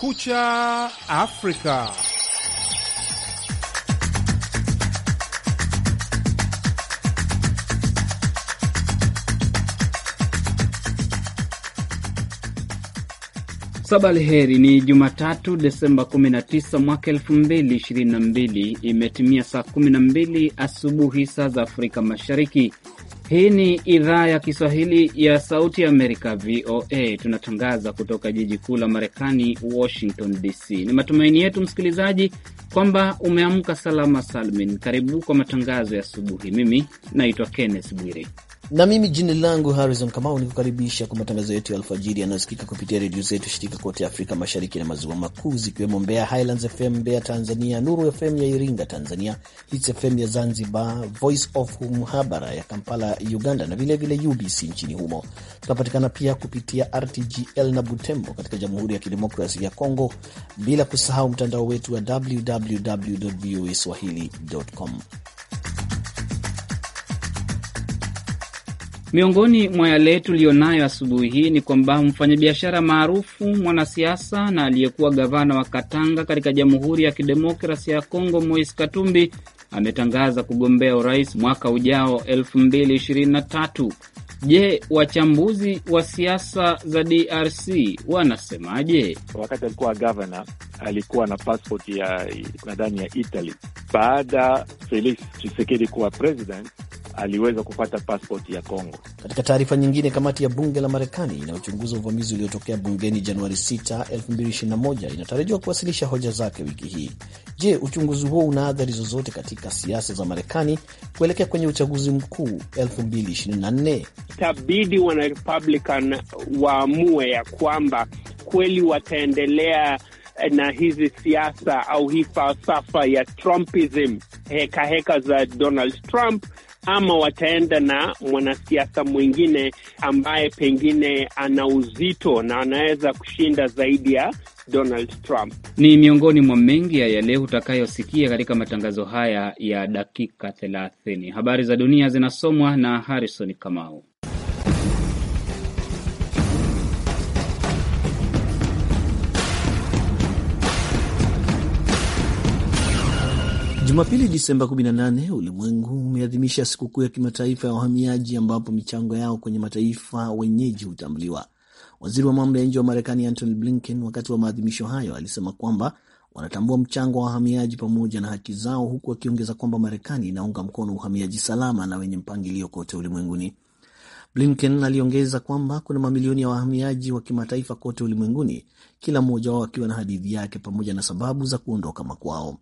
Kumekucha Afrika. Sabalheri, ni Jumatatu, Desemba 19 mwaka 2022. Imetimia saa 12 asubuhi saa za Afrika Mashariki, hii ni idhaa ya Kiswahili ya Sauti Amerika, VOA. Tunatangaza kutoka jiji kuu la Marekani, Washington DC. Ni matumaini yetu msikilizaji, kwamba umeamka salama salmin. Karibu kwa matangazo ya asubuhi. Mimi naitwa Kenneth Bwire na mimi jina langu Harrison Kamau, nikukaribisha kwa matangazo yetu ya alfajiri yanayosikika kupitia redio zetu shirika kote Afrika Mashariki na Maziwa Makuu, zikiwemo Mbeya Highlands FM Mbeya Tanzania, Nuru FM ya Iringa Tanzania, Hits FM ya Zanzibar, Voice of Muhabara ya Kampala Uganda, na vilevile UBC nchini humo. Tunapatikana pia kupitia RTGL na Butembo katika Jamhuri ya Kidemokrasi ya Kongo, bila kusahau mtandao wetu wa www voa swahili.com. Miongoni mwa yale tuliyonayo asubuhi hii ni kwamba mfanyabiashara maarufu, mwanasiasa na aliyekuwa gavana wa Katanga katika Jamhuri ya Kidemokrasia ya Kongo, Moise Katumbi ametangaza kugombea urais mwaka ujao 2023. Je, wachambuzi wa siasa za DRC wanasemaje? Wakati alikuwa gavana alikuwa na passport ya nadhani ya Italy. Baada Felix Chisekedi kuwa president aliweza kupata passport ya Congo. Katika taarifa nyingine, kamati ya bunge la Marekani inayochunguza uvamizi uliotokea bungeni Januari 6, 2021 inatarajiwa kuwasilisha hoja zake wiki hii. Je, uchunguzi huo una athari zozote katika siasa za Marekani kuelekea kwenye uchaguzi mkuu 2024? Itabidi wanarepublican waamue ya kwamba kweli wataendelea eh, na hizi siasa au hii falsafa ya Trumpism, hekaheka heka za Donald Trump ama wataenda na mwanasiasa mwingine ambaye pengine ana uzito na anaweza kushinda zaidi ya Donald Trump. Ni miongoni mwa mengi ya yale utakayosikia katika matangazo haya ya dakika 30. Habari za dunia zinasomwa na Harrison Kamau. Jumapili Disemba 18 ulimwengu umeadhimisha sikukuu ya kimataifa ya wahamiaji ambapo michango yao kwenye mataifa wenyeji hutambuliwa. Waziri wa mambo ya nje wa Marekani Antony Blinken wakati wa maadhimisho hayo alisema kwamba wanatambua mchango wa wahamiaji pamoja na haki zao, huku akiongeza kwamba Marekani inaunga mkono uhamiaji salama na wenye mpangilio kote ulimwenguni. Blinken aliongeza kwamba kuna mamilioni ya wahamiaji wa kimataifa kote ulimwenguni, kila mmoja wao akiwa na hadithi yake pamoja na sababu za kuondoka makwao.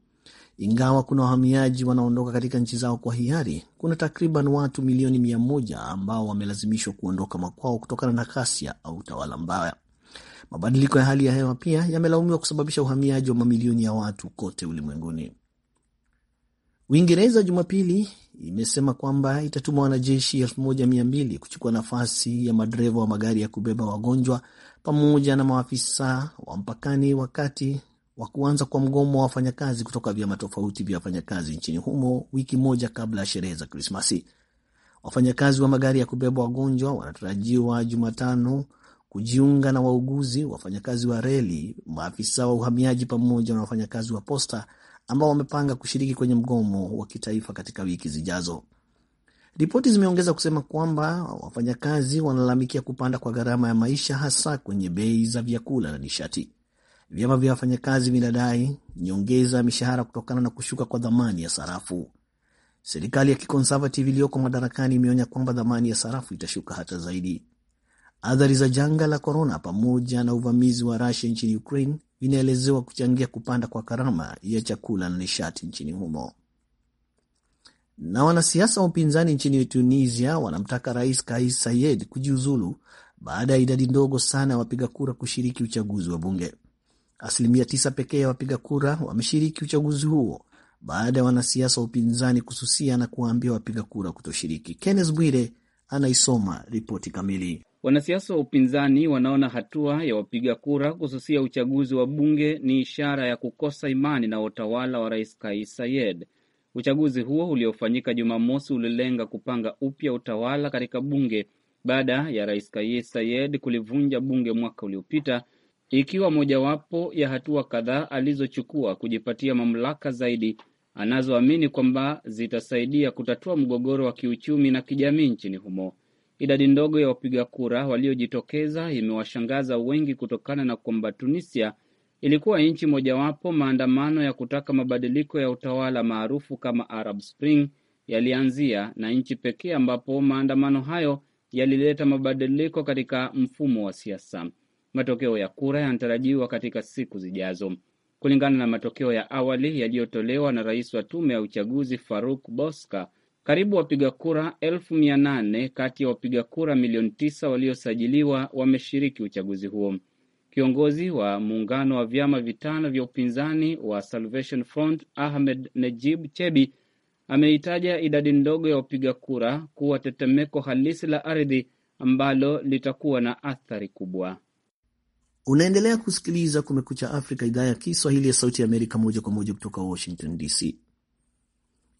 Ingawa kuna wahamiaji wanaondoka katika nchi zao kwa hiari, kuna takriban watu milioni mia moja ambao wamelazimishwa kuondoka makwao kutokana na ghasia au utawala mbaya. Mabadiliko ya hali ya hewa pia yamelaumiwa kusababisha uhamiaji wa mamilioni ya watu kote ulimwenguni. Uingereza Jumapili imesema kwamba itatuma wanajeshi elfu moja mia mbili kuchukua nafasi ya madereva wa magari ya kubeba wagonjwa pamoja na maafisa wa mpakani, wakati wa kuanza kwa mgomo wa wafanyakazi kutoka vyama tofauti vya wafanyakazi nchini humo wiki moja kabla ya sherehe za Krismasi. Wafanyakazi wa magari ya kubeba wagonjwa wanatarajiwa Jumatano kujiunga na wauguzi, wafanyakazi wa reli, maafisa wa uhamiaji pamoja na wafanyakazi wa posta ambao wamepanga kushiriki kwenye mgomo wa kitaifa katika wiki zijazo. Ripoti zimeongeza kusema kwamba wafanyakazi wanalalamikia kupanda kwa gharama ya maisha, hasa kwenye bei za vyakula na nishati. Vyama vya wafanyakazi vinadai nyongeza mishahara kutokana na kushuka kwa dhamani ya sarafu. Serikali ya kikonservative iliyoko madarakani imeonya kwamba dhamani ya sarafu itashuka hata zaidi. Athari za janga la korona pamoja na uvamizi wa Rusia nchini Ukraine vinaelezewa kuchangia kupanda kwa gharama ya chakula na nishati nchini humo. Na wanasiasa wa upinzani nchini Tunisia wanamtaka rais Kais Sayed kujiuzulu baada ya idadi ndogo sana ya wapiga kura kushiriki uchaguzi wa bunge. Asilimia tisa pekee ya wapiga kura wameshiriki uchaguzi huo baada ya wanasiasa wa upinzani kususia na kuwaambia wapiga kura kutoshiriki. Kenneth Bwire anaisoma ripoti kamili. Wanasiasa wa upinzani wanaona hatua ya wapiga kura kususia uchaguzi wa bunge ni ishara ya kukosa imani na utawala wa Rais Kais Saied. Uchaguzi huo uliofanyika Jumamosi ulilenga kupanga upya utawala katika bunge baada ya Rais Kais Saied kulivunja bunge mwaka uliopita ikiwa mojawapo ya hatua kadhaa alizochukua kujipatia mamlaka zaidi anazoamini kwamba zitasaidia kutatua mgogoro wa kiuchumi na kijamii nchini humo. Idadi ndogo ya wapiga kura waliojitokeza imewashangaza wengi kutokana na kwamba Tunisia ilikuwa nchi mojawapo. Maandamano ya kutaka mabadiliko ya utawala maarufu kama Arab Spring yalianzia na nchi pekee ambapo maandamano hayo yalileta mabadiliko katika mfumo wa siasa. Matokeo ya kura yanatarajiwa katika siku zijazo. Kulingana na matokeo ya awali yaliyotolewa na rais wa tume ya uchaguzi Faruk Boska, karibu wapiga kura elfu mia nane kati ya wapiga kura milioni tisa waliosajiliwa wameshiriki uchaguzi huo. Kiongozi wa muungano wa vyama vitano vya upinzani wa Salvation Front Ahmed Najib Chebi ameitaja idadi ndogo ya wapiga kura kuwa tetemeko halisi la ardhi ambalo litakuwa na athari kubwa. Unaendelea kusikiliza Kumekucha Afrika, idhaa ya Kiswahili ya Sauti ya Amerika, moja kwa moja kutoka Washington DC.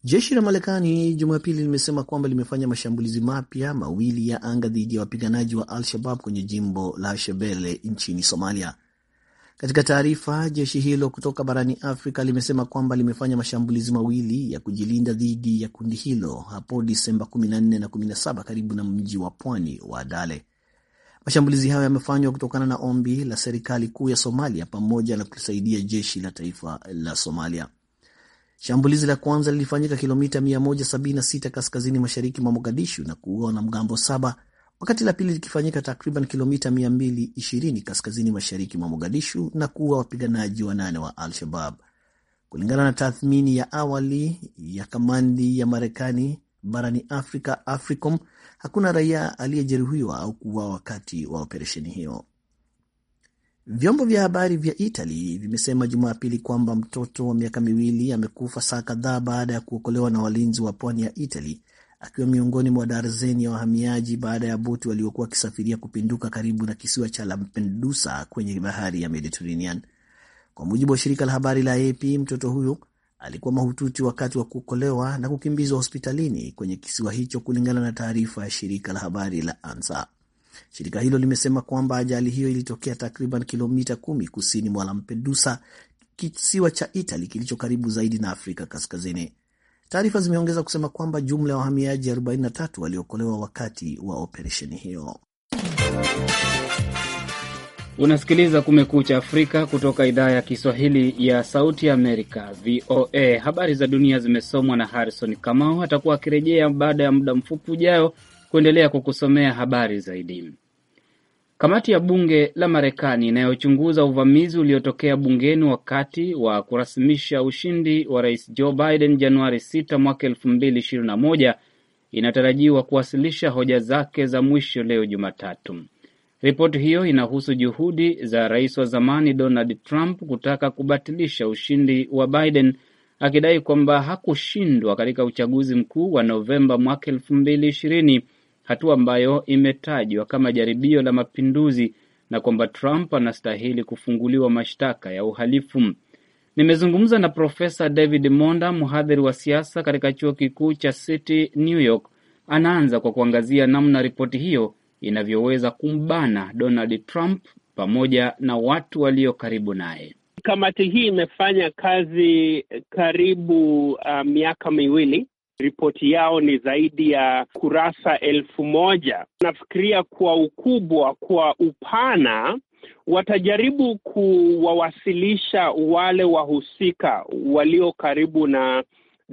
Jeshi la Marekani Jumapili limesema kwamba limefanya mashambulizi mapya mawili ya anga dhidi ya wapiganaji wa Al-Shabab kwenye jimbo la Shebele nchini Somalia. Katika taarifa, jeshi hilo kutoka barani Afrika limesema kwamba limefanya mashambulizi mawili ya kujilinda dhidi ya kundi hilo hapo Disemba 14 na 17 karibu na mji wa pwani wa Dale. Mashambulizi hayo yamefanywa kutokana na ombi la serikali kuu ya Somalia pamoja na kulisaidia jeshi la taifa la Somalia. Shambulizi la kwanza lilifanyika kilomita 176 kaskazini mashariki mwa Mogadishu na kuua wanamgambo saba, wakati la pili likifanyika takriban kilomita 220 kaskazini mashariki mwa Mogadishu na kuua wapiganaji wanane wa Al-Shabab, kulingana na tathmini ya awali ya kamandi ya Marekani barani Afrika, AFRICOM, hakuna raia aliyejeruhiwa au kuwa wakati wa operesheni hiyo. Vyombo vya habari vya itali vimesema Jumapili kwamba mtoto wa miaka miwili amekufa saa kadhaa baada ya kuokolewa na walinzi wa pwani ya Italy akiwa miongoni mwa darzeni ya wahamiaji baada ya boti waliokuwa wakisafiria kupinduka karibu na kisiwa cha Lampedusa kwenye bahari ya Mediterranean. Kwa mujibu wa shirika la habari la AP, mtoto huyo alikuwa mahututi wakati wa kuokolewa na kukimbizwa hospitalini kwenye kisiwa hicho, kulingana na taarifa ya shirika la habari la Ansa. Shirika hilo limesema kwamba ajali hiyo ilitokea takriban kilomita kumi kusini mwa Lampedusa, kisiwa cha Itali kilicho karibu zaidi na Afrika Kaskazini. Taarifa zimeongeza kusema kwamba jumla ya wahamiaji 43 waliokolewa wakati wa operesheni hiyo. Unasikiliza Kumekucha Afrika kutoka idhaa ya Kiswahili ya Sauti Amerika, VOA. Habari za dunia zimesomwa na Harrison Kamau. Atakuwa akirejea baada ya muda mfupi ujayo kuendelea kukusomea habari zaidi. Kamati ya bunge la Marekani inayochunguza uvamizi uliotokea bungeni wakati wa kurasimisha ushindi wa rais Joe Biden Januari 6 mwaka 2021 inatarajiwa kuwasilisha hoja zake za mwisho leo Jumatatu. Ripoti hiyo inahusu juhudi za rais wa zamani Donald Trump kutaka kubatilisha ushindi wa Biden akidai kwamba hakushindwa katika uchaguzi mkuu wa Novemba mwaka elfu mbili ishirini, hatua ambayo imetajwa kama jaribio la mapinduzi na kwamba Trump anastahili kufunguliwa mashtaka ya uhalifu. Nimezungumza na Profesa David Monda, mhadhiri wa siasa katika chuo kikuu cha City New York. Anaanza kwa kuangazia namna ripoti hiyo inavyoweza kumbana Donald Trump pamoja na watu walio karibu naye. Kamati hii imefanya kazi karibu uh, miaka miwili. Ripoti yao ni zaidi ya kurasa elfu moja. Nafikiria kwa ukubwa, kwa upana watajaribu kuwawasilisha wale wahusika walio karibu na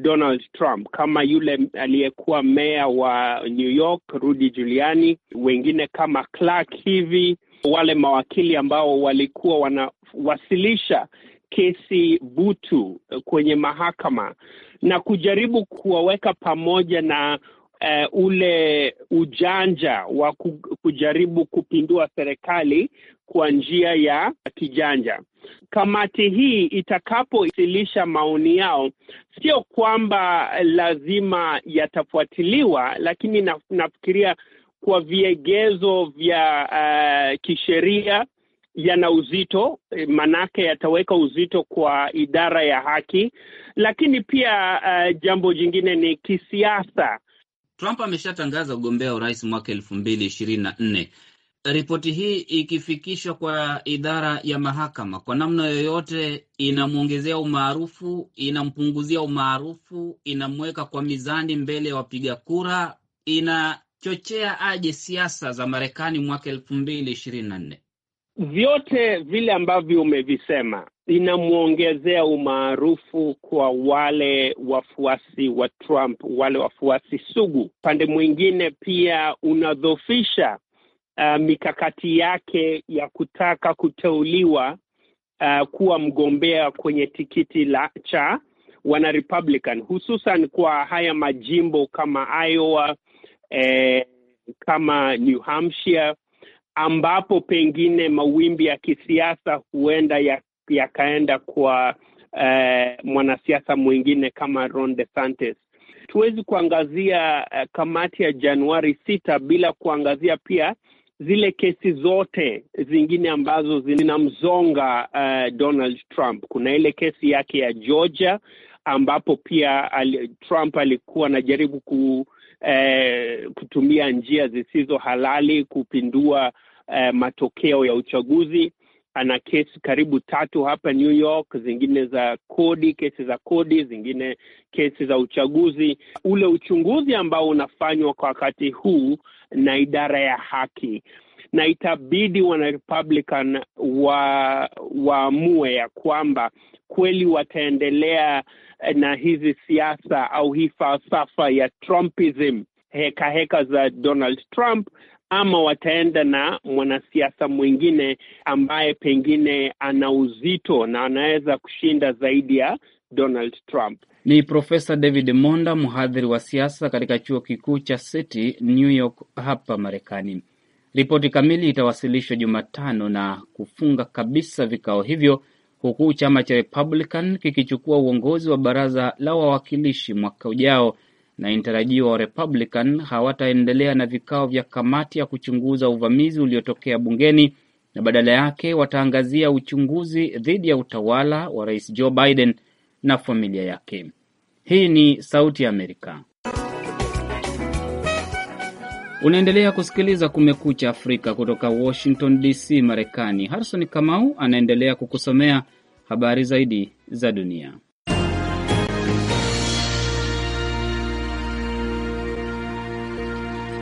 Donald Trump kama yule aliyekuwa meya wa New York Rudy Giuliani, wengine kama Clark hivi, wale mawakili ambao walikuwa wanawasilisha kesi butu kwenye mahakama na kujaribu kuwaweka pamoja na uh, ule ujanja wa kujaribu kupindua serikali kwa njia ya kijanja. Kamati hii itakapowasilisha maoni yao, sio kwamba lazima yatafuatiliwa, lakini naf nafikiria kwa viegezo vya uh, kisheria yana uzito, manake yataweka uzito kwa idara ya haki, lakini pia uh, jambo jingine ni kisiasa. Trump ameshatangaza ugombea urais mwaka elfu mbili ishirini na nne. Ripoti hii ikifikishwa kwa idara ya mahakama kwa namna yoyote, inamwongezea umaarufu, inampunguzia umaarufu, inamweka kwa mizani mbele ya wapiga kura, inachochea aje siasa za Marekani mwaka elfu mbili ishirini na nne? Vyote vile ambavyo umevisema inamwongezea umaarufu kwa wale wafuasi wa Trump, wale wafuasi sugu. Upande mwingine pia unadhofisha uh, mikakati yake ya kutaka kuteuliwa uh, kuwa mgombea kwenye tikiti la cha wana Republican, hususan kwa haya majimbo kama Iowa eh, kama New Hampshire ambapo pengine mawimbi ya kisiasa huenda yakaenda ya kwa uh, mwanasiasa mwingine kama Ron DeSantis. Tuwezi kuangazia uh, kamati ya Januari sita bila kuangazia pia zile kesi zote zingine ambazo zinamzonga uh, eh, Donald Trump. Kuna ile kesi yake ya Georgia ambapo pia ali, Trump alikuwa anajaribu ku, eh, kutumia njia zisizo halali kupindua eh, matokeo ya uchaguzi. Ana kesi karibu tatu hapa New York, zingine za kodi, kesi za kodi, zingine kesi za uchaguzi. Ule uchunguzi ambao unafanywa kwa wakati huu na idara ya haki na itabidi wana Republican wa waamue ya kwamba kweli wataendelea na hizi siasa au hii falsafa ya Trumpism, heka heka za Donald Trump, ama wataenda na mwanasiasa mwingine ambaye pengine ana uzito na anaweza kushinda zaidi ya Donald Trump. Ni Profesa David Monda, mhadhiri wa siasa katika chuo kikuu cha City New York hapa Marekani. Ripoti kamili itawasilishwa Jumatano na kufunga kabisa vikao hivyo huku chama cha Republican kikichukua uongozi wa baraza la wawakilishi mwaka ujao, na inatarajiwa wa Republican hawataendelea na vikao vya kamati ya kuchunguza uvamizi uliotokea bungeni na badala yake wataangazia uchunguzi dhidi ya utawala wa Rais Joe Biden na familia yake. Hii ni Sauti ya Amerika. Unaendelea kusikiliza Kumekucha Afrika kutoka Washington DC, Marekani. Harrison Kamau anaendelea kukusomea habari zaidi za dunia.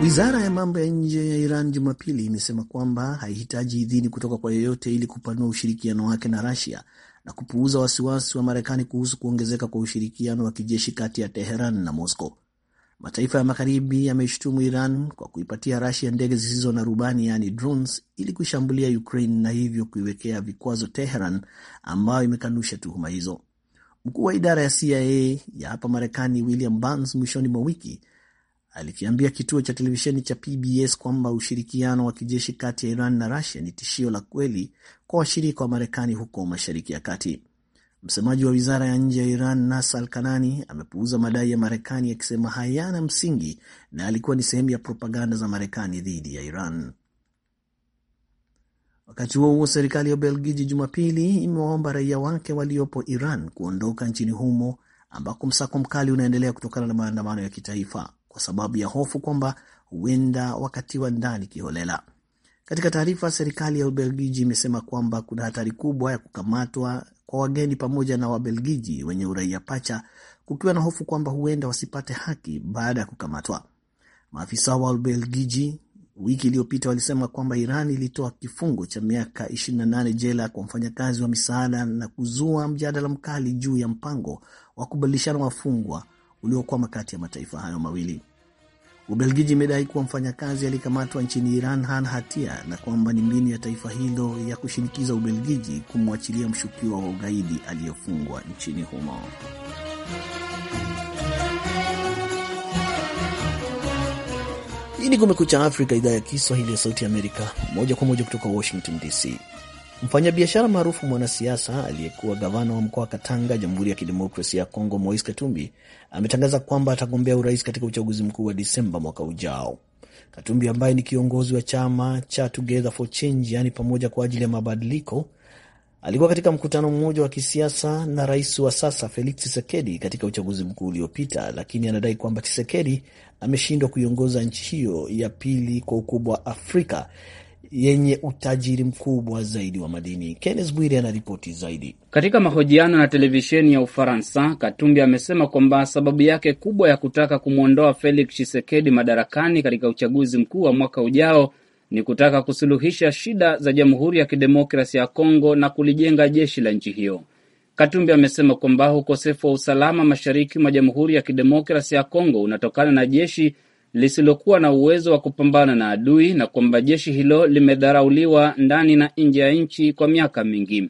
Wizara ya mambo ya nje ya Iran Jumapili imesema kwamba haihitaji idhini kutoka kwa yeyote ili kupanua ushirikiano wake na Rasia na kupuuza wasiwasi wa Marekani kuhusu kuongezeka kwa ushirikiano wa kijeshi kati ya Teheran na Moscow. Mataifa ya Magharibi yameshutumu Iran kwa kuipatia Rasia ndege zisizo na rubani yaani drones, ili kuishambulia Ukraine na hivyo kuiwekea vikwazo Teheran, ambayo imekanusha tuhuma hizo. Mkuu wa idara ya CIA ya hapa Marekani William Burns mwishoni mwa wiki alikiambia kituo cha televisheni cha PBS kwamba ushirikiano wa kijeshi kati ya Iran na Rusia ni tishio la kweli kwa washirika wa Marekani huko Mashariki ya Kati. Msemaji wa wizara ya nje ya Iran Nasser Kanani amepuuza madai ya Marekani akisema hayana msingi na alikuwa ni sehemu ya propaganda za Marekani dhidi ya Iran. Wakati huo huo, serikali ya Ubelgiji Jumapili imewaomba raia wake waliopo Iran kuondoka nchini humo ambako msako mkali unaendelea kutokana na maandamano ya kitaifa kwa sababu ya hofu kwamba huenda wakatiwa ndani kiholela. Katika taarifa, serikali ya Ubelgiji imesema kwamba kuna hatari kubwa ya kukamatwa kwa wageni pamoja na Wabelgiji wenye uraia pacha, kukiwa na hofu kwamba huenda wasipate haki baada ya kukamatwa. Maafisa wa Ubelgiji wiki iliyopita walisema kwamba Iran ilitoa kifungo cha miaka 28 jela kwa mfanyakazi wa misaada na kuzua mjadala mkali juu ya mpango wa kubadilishana wafungwa uliokwama kati ya mataifa hayo mawili. Ubelgiji imedai kuwa mfanyakazi aliyekamatwa nchini Iran hana hatia na kwamba ni mbinu ya taifa hilo ya kushinikiza Ubelgiji kumwachilia mshukiwa wa ugaidi aliyefungwa nchini humo. Hii ni Kumekucha Afrika, idhaa ya Kiswahili ya Sauti ya Amerika, moja kwa moja kutoka Washington DC. Mfanyabiashara maarufu, mwanasiasa, aliyekuwa gavana wa mkoa wa Katanga, Jamhuri ya Kidemokrasia ya Kongo, Mois Katumbi ametangaza kwamba atagombea urais katika uchaguzi mkuu wa Disemba mwaka ujao. Katumbi ambaye ni kiongozi wa chama cha Together for Change, yaani pamoja kwa ajili ya mabadiliko, alikuwa katika mkutano mmoja wa kisiasa na rais wa sasa Felix Tshisekedi katika uchaguzi mkuu uliopita, lakini anadai kwamba Tshisekedi ameshindwa kuiongoza nchi hiyo ya pili kwa ukubwa Afrika yenye utajiri mkubwa zaidi wa madini. Kennes Bwire anaripoti zaidi. Katika mahojiano na televisheni ya Ufaransa, Katumbi amesema kwamba sababu yake kubwa ya kutaka kumwondoa Felix Tshisekedi madarakani katika uchaguzi mkuu wa mwaka ujao ni kutaka kusuluhisha shida za Jamhuri ya Kidemokrasia ya Kongo na kulijenga jeshi la nchi hiyo. Katumbi amesema kwamba ukosefu wa usalama mashariki mwa Jamhuri ya Kidemokrasia ya Kongo unatokana na jeshi lisilokuwa na uwezo wa kupambana na adui na kwamba jeshi hilo limedharauliwa ndani na nje ya nchi kwa miaka mingi.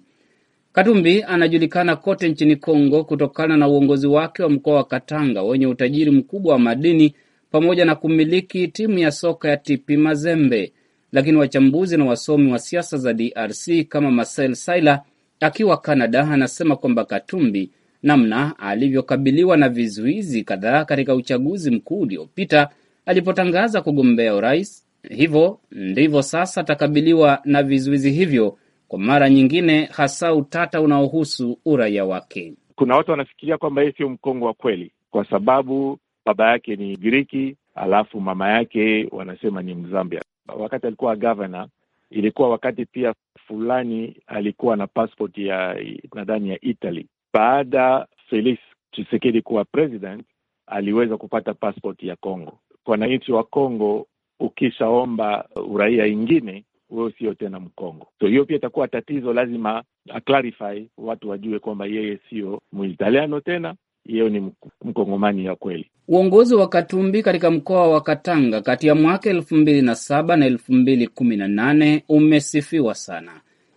Katumbi anajulikana kote nchini Kongo kutokana na uongozi wake wa mkoa wa Katanga wenye utajiri mkubwa wa madini pamoja na kumiliki timu ya soka ya TP Mazembe. Lakini wachambuzi na wasomi wa siasa za DRC kama Marcel Saila akiwa Canada anasema kwamba Katumbi namna alivyokabiliwa na vizuizi kadhaa katika uchaguzi mkuu uliopita alipotangaza kugombea urais. Hivyo ndivyo sasa atakabiliwa na vizuizi hivyo kwa mara nyingine, hasa utata unaohusu uraia wake. Kuna watu wanafikiria kwamba yeye sio Mkongo wa kweli kwa sababu baba yake ni Giriki alafu mama yake wanasema ni Mzambia. Wakati alikuwa gavana, ilikuwa wakati pia fulani alikuwa na passport ya nadhani ya Italy. Baada Felix chisekedi kuwa president, aliweza kupata passport ya Congo wananchi wa Kongo ukishaomba uraia ingine wewe sio tena Mkongo. So hiyo pia itakuwa tatizo, lazima aclarify, watu wajue kwamba yeye sio Muitaliano tena, hiyo ni Mkongomani ya kweli. Uongozi wa Katumbi katika mkoa wa Katanga kati ya mwaka elfu mbili na saba na elfu mbili kumi na nane umesifiwa sana.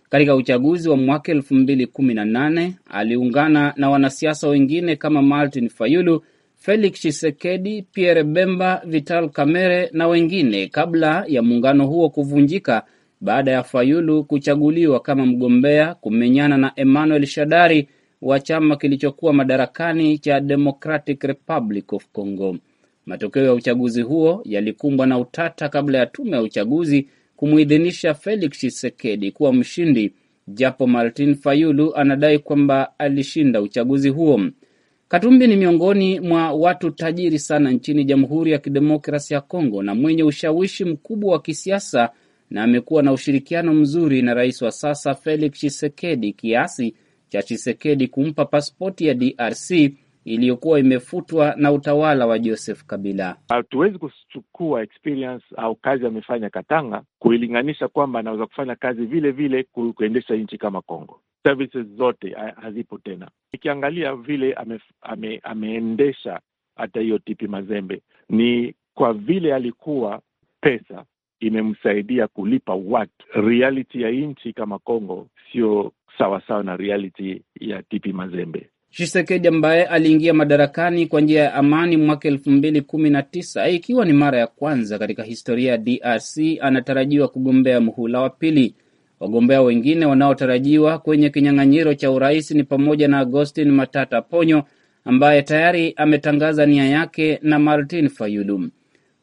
Katika uchaguzi wa mwaka elfu mbili kumi na nane aliungana na wanasiasa wengine kama Martin Fayulu Felix chisekedi Pierre Bemba, Vital Kamerhe na wengine kabla ya muungano huo kuvunjika baada ya Fayulu kuchaguliwa kama mgombea kumenyana na Emmanuel Shadari wa chama kilichokuwa madarakani cha Democratic Republic of Congo. Matokeo ya uchaguzi huo yalikumbwa na utata kabla ya tume ya uchaguzi kumwidhinisha Felix chisekedi kuwa mshindi, japo Martin Fayulu anadai kwamba alishinda uchaguzi huo. Katumbi ni miongoni mwa watu tajiri sana nchini Jamhuri ya Kidemokrasi ya Kongo na mwenye ushawishi mkubwa wa kisiasa na amekuwa na ushirikiano mzuri na rais wa sasa Felix Tshisekedi kiasi cha Tshisekedi kumpa pasipoti ya DRC iliyokuwa imefutwa na utawala wa Joseph Kabila. Hatuwezi kuchukua experience au kazi amefanya Katanga kuilinganisha kwamba anaweza kufanya kazi vile vile kuendesha nchi kama Kongo. Services zote hazipo tena. ikiangalia vile ame, ame, ameendesha hata hiyo tipi Mazembe ni kwa vile alikuwa pesa imemsaidia kulipa watu. Reality ya nchi kama Kongo sio sawasawa na reality ya tipi Mazembe shisekedi ambaye aliingia madarakani kwa njia ya amani mwaka elfu mbili kumi na tisa ikiwa ni mara ya kwanza katika historia ya DRC anatarajiwa kugombea muhula wa pili. Wagombea wengine wanaotarajiwa kwenye kinyang'anyiro cha urais ni pamoja na Agostin Matata Ponyo ambaye tayari ametangaza nia yake na Martin Fayulu.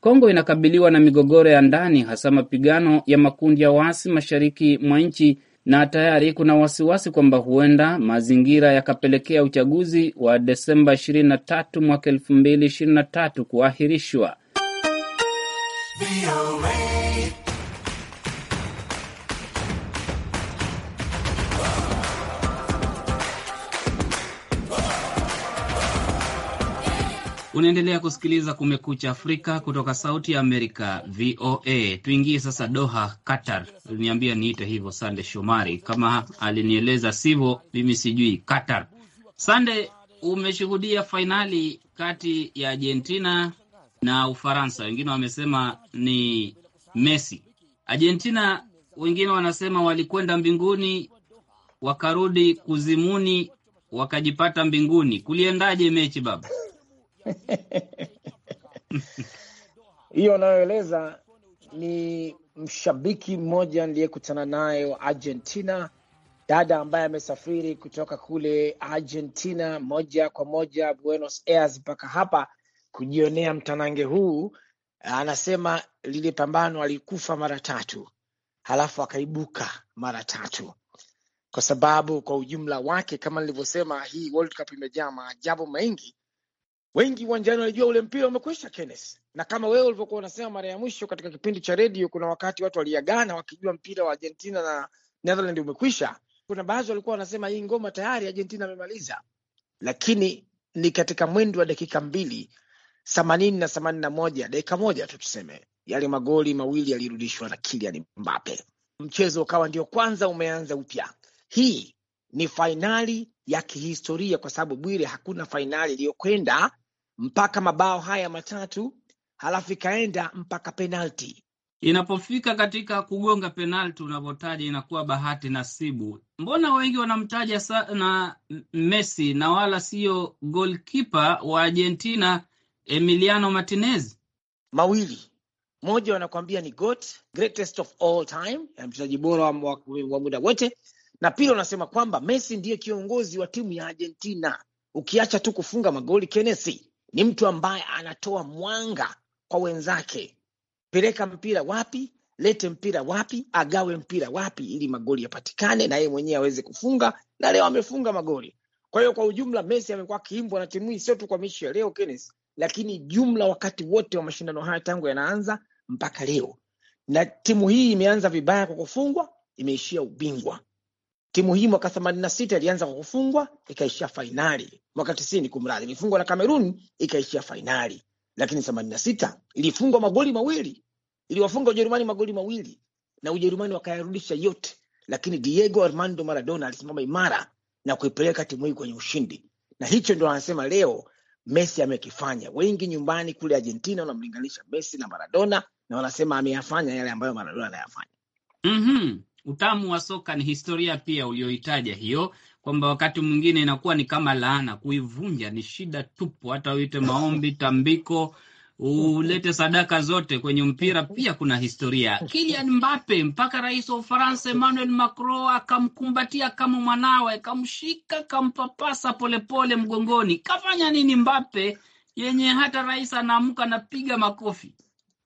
Kongo inakabiliwa na migogoro ya ndani, hasa mapigano ya makundi ya waasi mashariki mwa nchi na tayari kuna wasiwasi kwamba huenda mazingira yakapelekea uchaguzi wa Desemba 23 mwaka 2023 kuahirishwa. Unaendelea kusikiliza Kumekucha Afrika kutoka Sauti ya Amerika, VOA. Tuingie sasa Doha, Qatar. Uliniambia niite hivyo, Sande Shomari, kama alinieleza sivyo mimi sijui. Qatar, Sande, umeshuhudia fainali kati ya Argentina na Ufaransa, wengine wamesema ni Messi. Argentina wengine wanasema walikwenda mbinguni wakarudi kuzimuni wakajipata mbinguni. Kuliendaje mechi baba? hiyo anayoeleza ni mshabiki mmoja niliyekutana naye wa Argentina, dada ambaye amesafiri kutoka kule Argentina moja kwa moja Buenos Aires mpaka hapa kujionea mtanange huu. Anasema lile pambano alikufa mara tatu, halafu akaibuka mara tatu, kwa sababu kwa ujumla wake, kama nilivyosema, hii World Cup imejaa maajabu mengi wengi uwanjani walijua ule mpira umekwisha Kenneth, na kama wewe ulivyokuwa unasema mara ya mwisho katika kipindi cha redio, kuna wakati watu waliagana wakijua mpira wa Argentina na Netherland umekwisha. Kuna baadhi walikuwa wanasema hii ngoma tayari Argentina amemaliza, lakini ni katika mwendo wa dakika mbili themanini na themanini na moja dakika moja tu tuseme, yale magoli mawili yalirudishwa na Kylian Mbappe, mchezo ukawa ndio kwanza umeanza upya. Hii ni fainali ya kihistoria kwa sababu Bwire, hakuna fainali iliyokwenda mpaka mabao haya matatu, halafu ikaenda mpaka penalti. Inapofika katika kugonga penalti, unavyotaja inakuwa bahati nasibu. Mbona wengi wanamtaja sana Messi na wala siyo golkipa wa Argentina Emiliano Martinez? Mawili, moja wanakuambia ni GOAT, greatest of all time, mchezaji bora wa muda wote, na pili wanasema kwamba Messi ndiye kiongozi wa timu ya Argentina ukiacha tu kufunga magoli kenesi ni mtu ambaye anatoa mwanga kwa wenzake. Peleka mpira wapi, lete mpira wapi, agawe mpira wapi, ili magoli yapatikane na yeye mwenyewe aweze kufunga, na leo amefunga magoli. Kwa hiyo kwa ujumla, Messi amekuwa kiimbwa na timu hii, sio tu kwa mechi ya leo Kenneth, lakini jumla wakati wote wa mashindano haya tangu yanaanza mpaka leo, na timu hii imeanza vibaya kwa kufungwa, imeishia ubingwa. Timu hii mwaka themanini na sita ilianza kwa kufungwa ikaishia fainali. Mwaka tisini, kumradhi, ilifungwa na Kamerun ikaishia fainali, lakini themanini na sita ilifungwa magoli mawili, iliwafunga Ujerumani magoli mawili na Ujerumani wakayarudisha yote, lakini Diego Armando Maradona alisimama imara na kuipeleka timu hii kwenye ushindi, na hicho ndo anasema leo Messi amekifanya. Wengi nyumbani kule Argentina wanamlinganisha Messi na Maradona na wanasema ameyafanya yale ambayo Maradona anayafanya. mm -hmm utamu wa soka ni historia pia ulioitaja hiyo, kwamba wakati mwingine inakuwa ni kama laana, kuivunja ni shida tupu. Hata uite maombi, tambiko, ulete sadaka zote, kwenye mpira pia kuna historia. Kylian Mbappe, mpaka rais wa Ufaransa Emmanuel Macron akamkumbatia kama mwanawe, akamshika, kampapasa polepole mgongoni. Kafanya nini Mbappe yenye hata rais anaamka, anapiga makofi?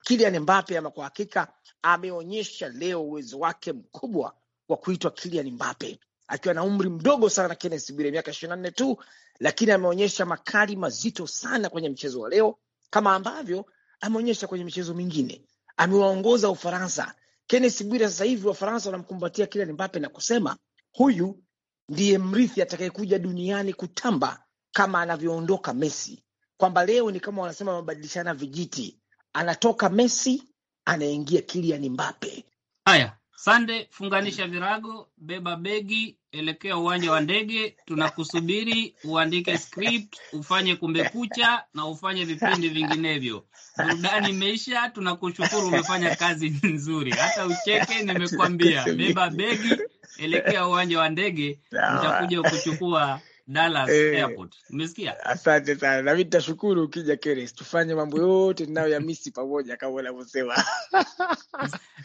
Kylian Mbappe ama kwa hakika ameonyesha leo uwezo wake mkubwa wa kuitwa Kylian Mbappe akiwa na umri mdogo sana Kenneth Bwire, miaka ishirini na nne tu, lakini ameonyesha makali mazito sana kwenye mchezo wa leo kama ambavyo ameonyesha kwenye michezo mingine. Amewaongoza Ufaransa. Kenneth Bwire, sasa hivi Wafaransa wanamkumbatia Kylian Mbappe na kusema huyu ndiye mrithi atakayekuja duniani kutamba kama anavyoondoka Messi, kwamba leo ni kama wanasema wamebadilishana vijiti, anatoka Messi anaingia Kylian Mbappe. Haya, Sande, funganisha virago, beba begi, elekea uwanja wa ndege. Tunakusubiri uandike script, ufanye kumbekucha na ufanye vipindi vinginevyo. Burudani imeisha. Tunakushukuru, umefanya kazi nzuri, hata ucheke. nimekwambia beba begi, elekea uwanja wa ndege, nitakuja kuchukua Dallas eh, Airport. Umesikia? Asante sana. Na mimi nitashukuru ukija Keres. Tufanye mambo yote tunayo ya misi pamoja kama unavyosema.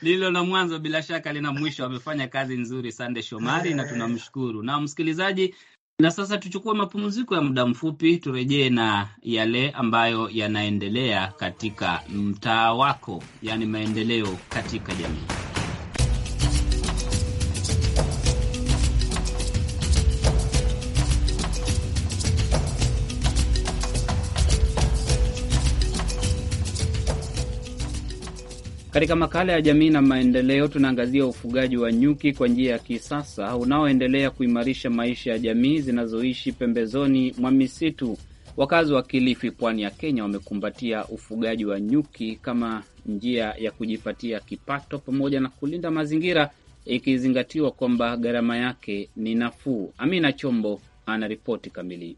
Lilo la mwanzo bila shaka lina mwisho. Amefanya kazi nzuri Sande Shomari na tunamshukuru. Na msikilizaji, na sasa tuchukue mapumziko ya muda mfupi, turejee na yale ambayo yanaendelea katika mtaa wako, yaani maendeleo katika jamii. Katika makala ya jamii na maendeleo, tunaangazia ufugaji wa nyuki kwa njia ya kisasa unaoendelea kuimarisha maisha ya jamii zinazoishi pembezoni mwa misitu. Wakazi wa Kilifi, pwani ya Kenya, wamekumbatia ufugaji wa nyuki kama njia ya kujipatia kipato pamoja na kulinda mazingira, ikizingatiwa kwamba gharama yake ni nafuu. Amina Chombo anaripoti kamili.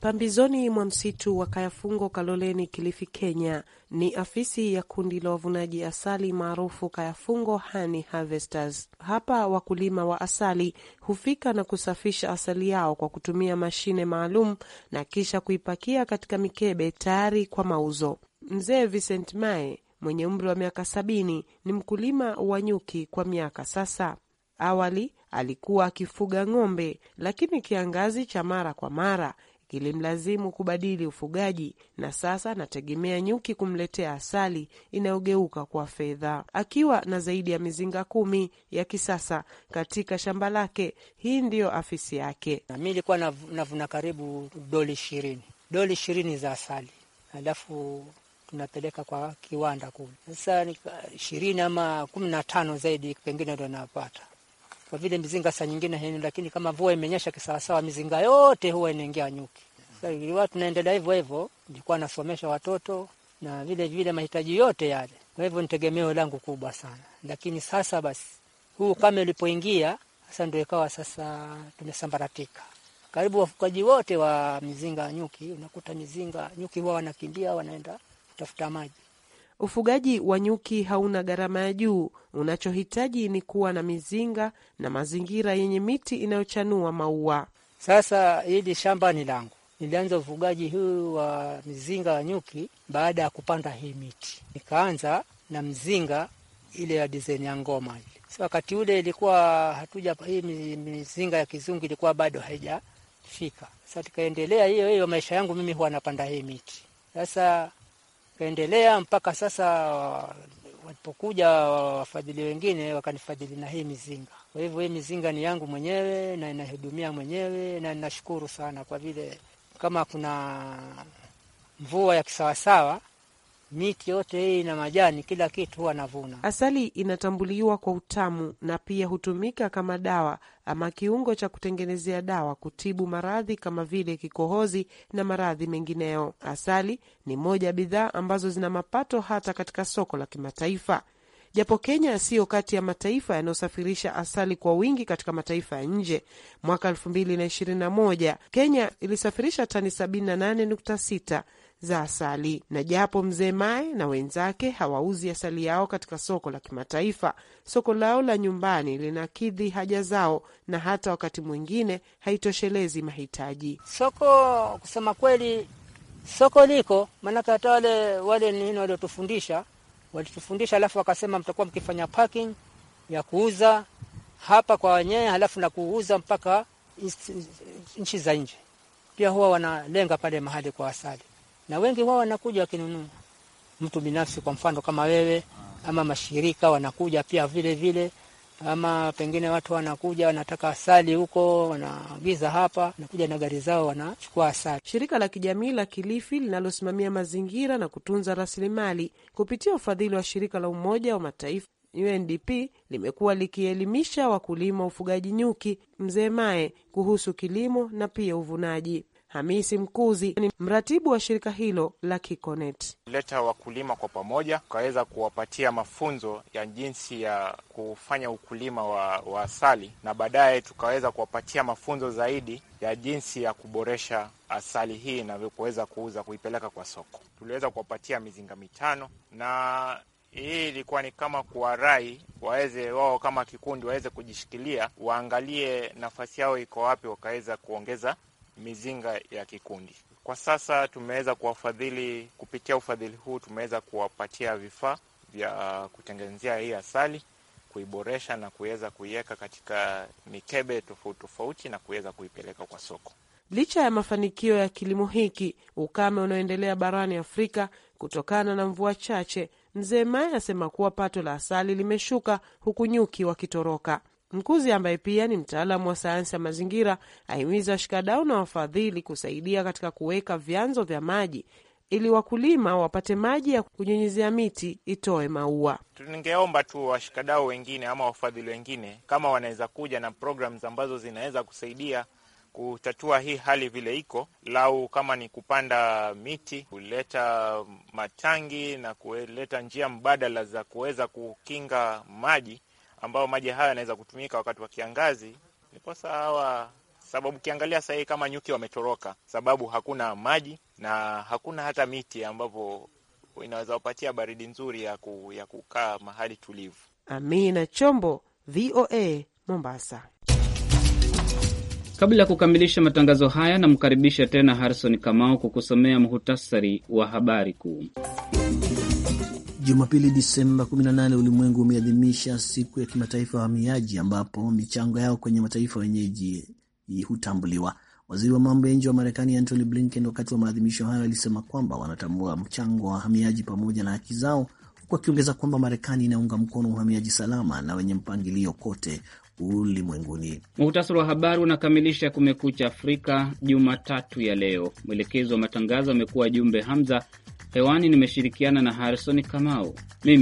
Pambizoni mwa msitu wa Kayafungo, Kaloleni, Kilifi, Kenya, ni afisi ya kundi la wavunaji asali maarufu Kayafungo Honey Harvesters. Hapa wakulima wa asali hufika na kusafisha asali yao kwa kutumia mashine maalum na kisha kuipakia katika mikebe tayari kwa mauzo. Mzee Vincent Mae mwenye umri wa miaka sabini ni mkulima wa nyuki kwa miaka sasa. Awali alikuwa akifuga ng'ombe, lakini kiangazi cha mara kwa mara kilimlazimu kubadili ufugaji na sasa anategemea nyuki kumletea asali inayogeuka kwa fedha. Akiwa na zaidi ya mizinga kumi ya kisasa katika shamba lake, hii ndiyo afisi yake. Na mi ilikuwa navuna karibu doli ishirini doli ishirini za asali, alafu tunapeleka kwa kiwanda kule. Sasa ishirini ama kumi na tano zaidi pengine ndo napata kwa vile mizinga saa nyingine heni, lakini kama vua imenyesha kisawasawa, mizinga yote huwa inaingia nyuki. Sasa tunaendelea hivyo hivyo, nilikuwa nasomesha watoto na vile vile mahitaji yote yale. Kwa hivyo ni tegemeo langu kubwa sana, lakini sasa basi huu kama ulipoingia sasa, ndio ikawa sasa tumesambaratika karibu wafugaji wote wa mizinga nyuki. Unakuta mizinga nyuki huwa wanakimbia, wanaenda kutafuta maji Ufugaji wa nyuki hauna gharama ya juu. Unachohitaji ni kuwa na mizinga na mazingira yenye miti inayochanua maua. Sasa hili shamba ni langu. Nilianza ufugaji huu wa mizinga ya nyuki baada ya kupanda hii miti. Nikaanza na mzinga ile ya dizaini ya ngoma ile. So, wakati ule ilikuwa hatuja hii mizinga ya kizungu ilikuwa bado haijafika. Sasa tukaendelea hiyo hiyo maisha yangu mimi huwa napanda hii miti. Sasa kaendelea mpaka sasa. Uh, walipokuja uh, wafadhili wengine, wakanifadhili na hii mizinga. Kwa hivyo hii mizinga ni yangu mwenyewe na inahudumia mwenyewe, na ninashukuru sana kwa vile kama kuna mvua ya kisawasawa miti yote hii na majani, kila kitu huwa navuna. Asali inatambuliwa kwa utamu na pia hutumika kama dawa ama kiungo cha kutengenezea dawa kutibu maradhi kama vile kikohozi na maradhi mengineyo. Asali ni moja ya bidhaa ambazo zina mapato hata katika soko la kimataifa. Japo Kenya siyo kati ya mataifa yanayosafirisha asali kwa wingi katika mataifa ya nje, mwaka 2021 Kenya ilisafirisha tani 78.6 za asali, na japo mzee Mae na wenzake hawauzi asali yao katika soko la kimataifa, soko lao la nyumbani linakidhi haja zao na hata wakati mwingine haitoshelezi mahitaji. Soko kusema kweli, soko liko maanake, hata wale wale nini waliotufundisha walitufundisha, alafu wakasema mtakuwa mkifanya packing ya kuuza hapa kwa wenyewe, halafu na kuuza mpaka nchi za nje. Pia huwa wanalenga pale mahali kwa asali na wengi wao wanakuja wakinunua mtu binafsi, kwa mfano kama wewe ama mashirika wanakuja pia vile vile, ama pengine watu wanakuja wanataka asali huko, wanaagiza hapa, wanakuja na gari zao wanachukua asali. Shirika la kijamii la Kilifi linalosimamia mazingira na kutunza rasilimali kupitia ufadhili wa shirika la Umoja wa Mataifa UNDP limekuwa likielimisha wakulima ufugaji nyuki mzee Mae kuhusu kilimo na pia uvunaji. Hamisi Mkuzi ni mratibu wa shirika hilo la Kikonet. leta wakulima kwa pamoja, ukaweza kuwapatia mafunzo ya jinsi ya kufanya ukulima wa, wa asali na baadaye tukaweza kuwapatia mafunzo zaidi ya jinsi ya kuboresha asali hii kuweza kuuza kuipeleka kwa soko. Tuliweza kuwapatia mizinga mitano na hii ilikuwa ni kama kuwarai waweze wao kama kikundi waweze kujishikilia, waangalie nafasi yao iko wapi, wakaweza kuongeza mizinga ya kikundi. Kwa sasa tumeweza kuwafadhili kupitia ufadhili huu, tumeweza kuwapatia vifaa vya kutengenezea hii asali, kuiboresha na kuweza kuiweka katika mikebe tofauti tofauti na kuweza kuipeleka kwa soko. Licha ya mafanikio ya kilimo hiki, ukame unaoendelea barani Afrika kutokana na mvua chache, Mzee Mae asema kuwa pato la asali limeshuka huku nyuki wakitoroka. Mkuzi ambaye pia ni mtaalamu wa sayansi ya mazingira ahimiza washikadau na wafadhili kusaidia katika kuweka vyanzo vya maji ili wakulima wapate maji ya kunyunyizia miti itoe maua. Ningeomba tu washikadau wengine ama wafadhili wengine kama wanaweza kuja na programs ambazo zinaweza kusaidia kutatua hii hali vile iko, lau kama ni kupanda miti, kuleta matangi na kuleta njia mbadala za kuweza kukinga maji ambao maji hayo yanaweza kutumika wakati wa kiangazi, niposa hawa sababu ukiangalia sahii kama nyuki wametoroka, sababu hakuna maji na hakuna hata miti ambapo inaweza wapatia baridi nzuri ya, ku, ya kukaa mahali tulivu. Amina Chombo, VOA Mombasa. Kabla ya kukamilisha matangazo haya, namkaribisha tena Harison Kamau kukusomea muhutasari wa habari kuu. Jumapili Disemba 18 ulimwengu umeadhimisha siku ya kimataifa ya wahamiaji, ambapo michango yao kwenye mataifa wenyeji hutambuliwa. Waziri wa mambo ya nje wa Marekani Antony Blinken, wakati wa maadhimisho hayo, alisema kwamba wanatambua mchango wa wahamiaji pamoja na haki zao, huku akiongeza kwamba Marekani inaunga mkono uhamiaji salama na wenye mpangilio kote ulimwenguni. Muhtasari wa habari unakamilisha Kumekucha Afrika Jumatatu ya leo. Mwelekezi wa matangazo amekuwa Jumbe Hamza. Hewani nimeshirikiana na Harrison Kamau. Mimi